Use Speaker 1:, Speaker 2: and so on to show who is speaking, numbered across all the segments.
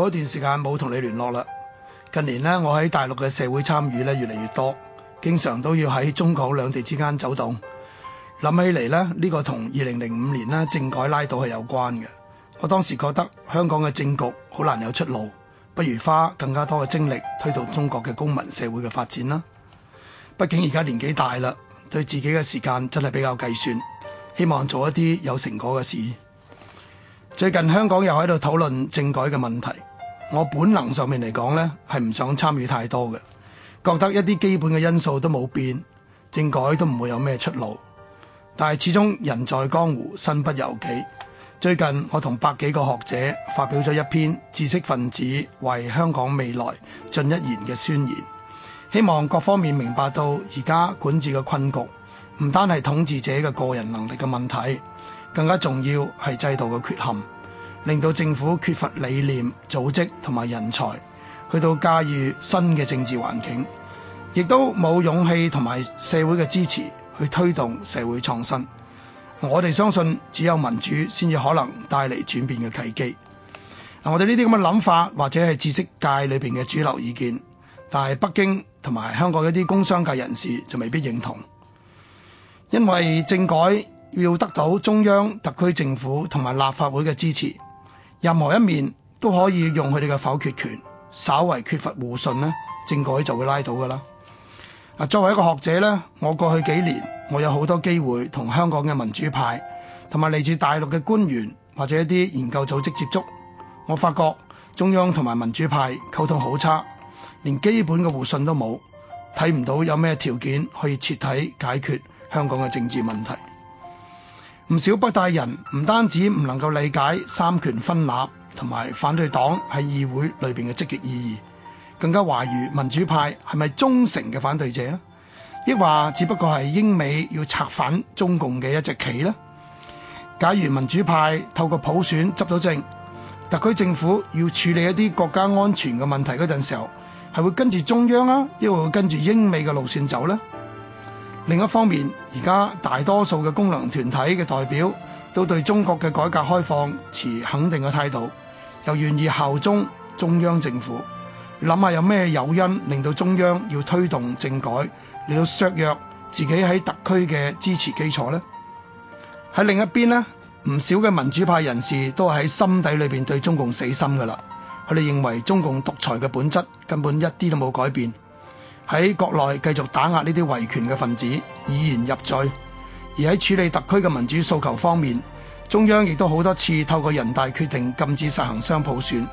Speaker 1: 嗰段時間冇同你聯絡啦。近年呢，我喺大陸嘅社會參與咧越嚟越多，經常都要喺中港兩地之間走動。諗起嚟呢，呢個同二零零五年呢政改拉倒係有關嘅。我當時覺得香港嘅政局好難有出路，不如花更加多嘅精力推動中國嘅公民社會嘅發展啦。畢竟而家年紀大啦，對自己嘅時間真係比較計算，希望做一啲有成果嘅事。最近香港又喺度討論政改嘅問題。我本能上面嚟講咧，係唔想參與太多嘅，覺得一啲基本嘅因素都冇變，政改都唔會有咩出路。但係始終人在江湖，身不由己。最近我同百幾個學者發表咗一篇知識分子為香港未來盡一言嘅宣言，希望各方面明白到而家管治嘅困局，唔單係統治者嘅個人能力嘅問題，更加重要係制度嘅缺陷。令到政府缺乏理念、組織同埋人才，去到駕馭新嘅政治環境，亦都冇勇氣同埋社會嘅支持去推動社會創新。我哋相信只有民主先至可能帶嚟轉變嘅契機。嗱，我哋呢啲咁嘅諗法或者係知識界裏邊嘅主流意見，但係北京同埋香港一啲工商界人士就未必認同，因為政改要得到中央、特區政府同埋立法會嘅支持。任何一面都可以用佢哋嘅否決權，稍為缺乏互信咧，政改就會拉倒噶啦。啊，作為一個學者咧，我過去幾年我有好多機會同香港嘅民主派同埋嚟自大陸嘅官員或者一啲研究組織接觸，我發覺中央同埋民主派溝通好差，連基本嘅互信都冇，睇唔到有咩條件可以徹底解決香港嘅政治問題。唔少北大人唔單止唔能夠理解三權分立同埋反對黨喺議會裏邊嘅積極意義，更加懷疑民主派係咪忠誠嘅反對者呢？抑或只不過係英美要策反中共嘅一隻棋咧？假如民主派透過普選執到政，特區政府要處理一啲國家安全嘅問題嗰陣時候，係會跟住中央啊，抑或會跟住英美嘅路線走咧？另一方面，而家大多數嘅功能團體嘅代表都對中國嘅改革開放持肯定嘅態度，又願意效忠中央政府。諗下有咩誘因令到中央要推動政改，嚟到削弱自己喺特區嘅支持基礎咧？喺另一邊咧，唔少嘅民主派人士都係喺心底裏邊對中共死心噶啦。佢哋認為中共獨裁嘅本質根本一啲都冇改變。喺國內繼續打壓呢啲維權嘅分子，以言入罪。而喺處理特區嘅民主訴求方面，中央亦都好多次透過人大決定禁止實行雙普選。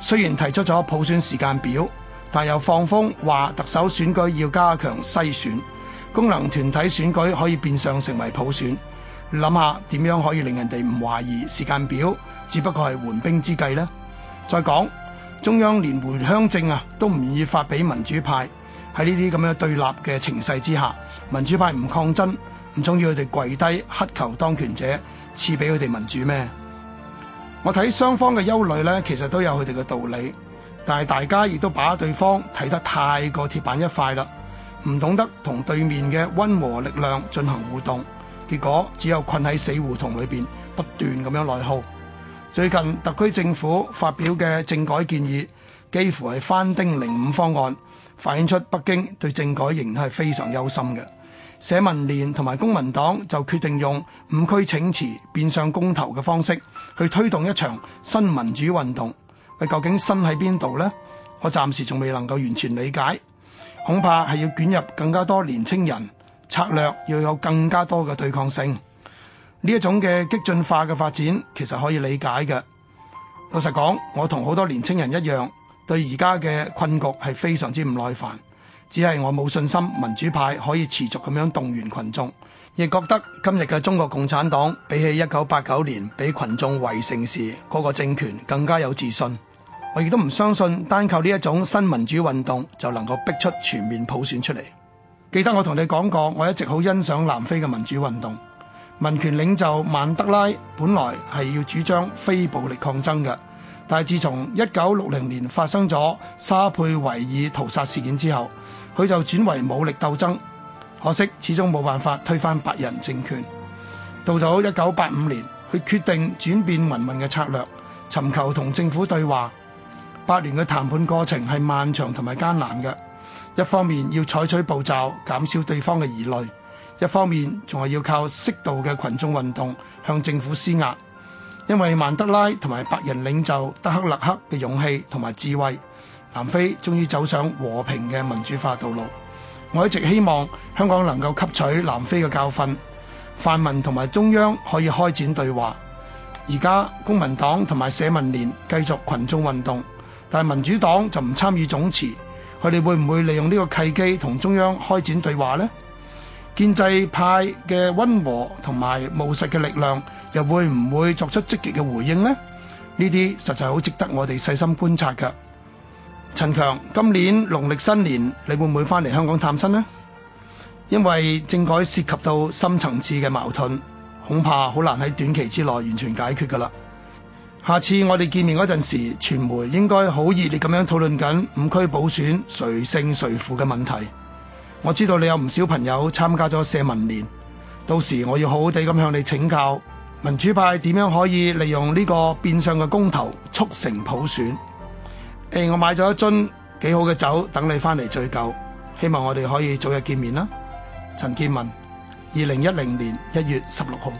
Speaker 1: 雖然提出咗普選時間表，但又放風話特首選舉要加強篩選，功能團體選舉可以變相成為普選。諗下點樣可以令人哋唔懷疑時間表，只不過係緩兵之計呢？再講中央連回鄉證啊，都唔願意發俾民主派。喺呢啲咁樣對立嘅情勢之下，民主派唔抗爭，唔中意佢哋跪低乞求當權者賜俾佢哋民主咩？我睇雙方嘅憂慮呢，其實都有佢哋嘅道理，但係大家亦都把對方睇得太過鐵板一塊啦，唔懂得同對面嘅温和力量進行互動，結果只有困喺死胡同裏面不斷咁樣內耗。最近特區政府發表嘅政改建議。幾乎係翻丁零五方案，反映出北京對政改仍係非常憂心嘅。社民連同埋公民黨就決定用五區請辭變相公投嘅方式，去推動一場新民主運動。佢究竟新喺邊度呢？我暫時仲未能夠完全理解，恐怕係要捲入更加多年青人，策略要有更加多嘅對抗性。呢一種嘅激進化嘅發展其實可以理解嘅。老實講，我同好多年青人一樣。對而家嘅困局係非常之唔耐煩，只係我冇信心民主派可以持續咁樣動員群眾，亦覺得今日嘅中國共產黨比起一九八九年俾群眾圍城時嗰個政權更加有自信。我亦都唔相信單靠呢一種新民主運動就能夠逼出全面普選出嚟。記得我同你講過，我一直好欣賞南非嘅民主運動，民權領袖曼德拉本來係要主張非暴力抗爭嘅。但係，自從一九六零年發生咗沙佩維爾屠殺事件之後，佢就轉為武力鬥爭。可惜始終冇辦法推翻白人政權。到咗一九八五年，佢決定轉變民運嘅策略，尋求同政府對話。八年嘅談判過程係漫長同埋艱難嘅，一方面要採取步驟減少對方嘅疑慮，一方面仲係要靠適度嘅群眾運動向政府施壓。因為曼德拉同埋白人領袖德克勒克嘅勇氣同埋智慧，南非終於走上和平嘅民主化道路。我一直希望香港能夠吸取南非嘅教訓，泛民同埋中央可以開展對話。而家公民黨同埋社民連繼續群眾運動，但民主黨就唔參與總辭，佢哋會唔會利用呢個契機同中央開展對話呢？建制派嘅溫和同埋務實嘅力量。又會唔會作出積極嘅回應呢？呢啲實在好值得我哋細心觀察㗎。陳強，今年農曆新年你會唔會翻嚟香港探親呢？因為政改涉及到深層次嘅矛盾，恐怕好難喺短期之內完全解決噶啦。下次我哋見面嗰陣時，傳媒應該好熱烈咁樣討論緊五區補選誰勝誰負嘅問題。我知道你有唔少朋友參加咗社民連，到時我要好好地咁向你請教。民主派點樣可以利用呢個變相嘅公投促成普選？誒，我買咗一樽幾好嘅酒，等你翻嚟聚舊。希望我哋可以早日見面啦，陳健民，二零一零年一月十六號。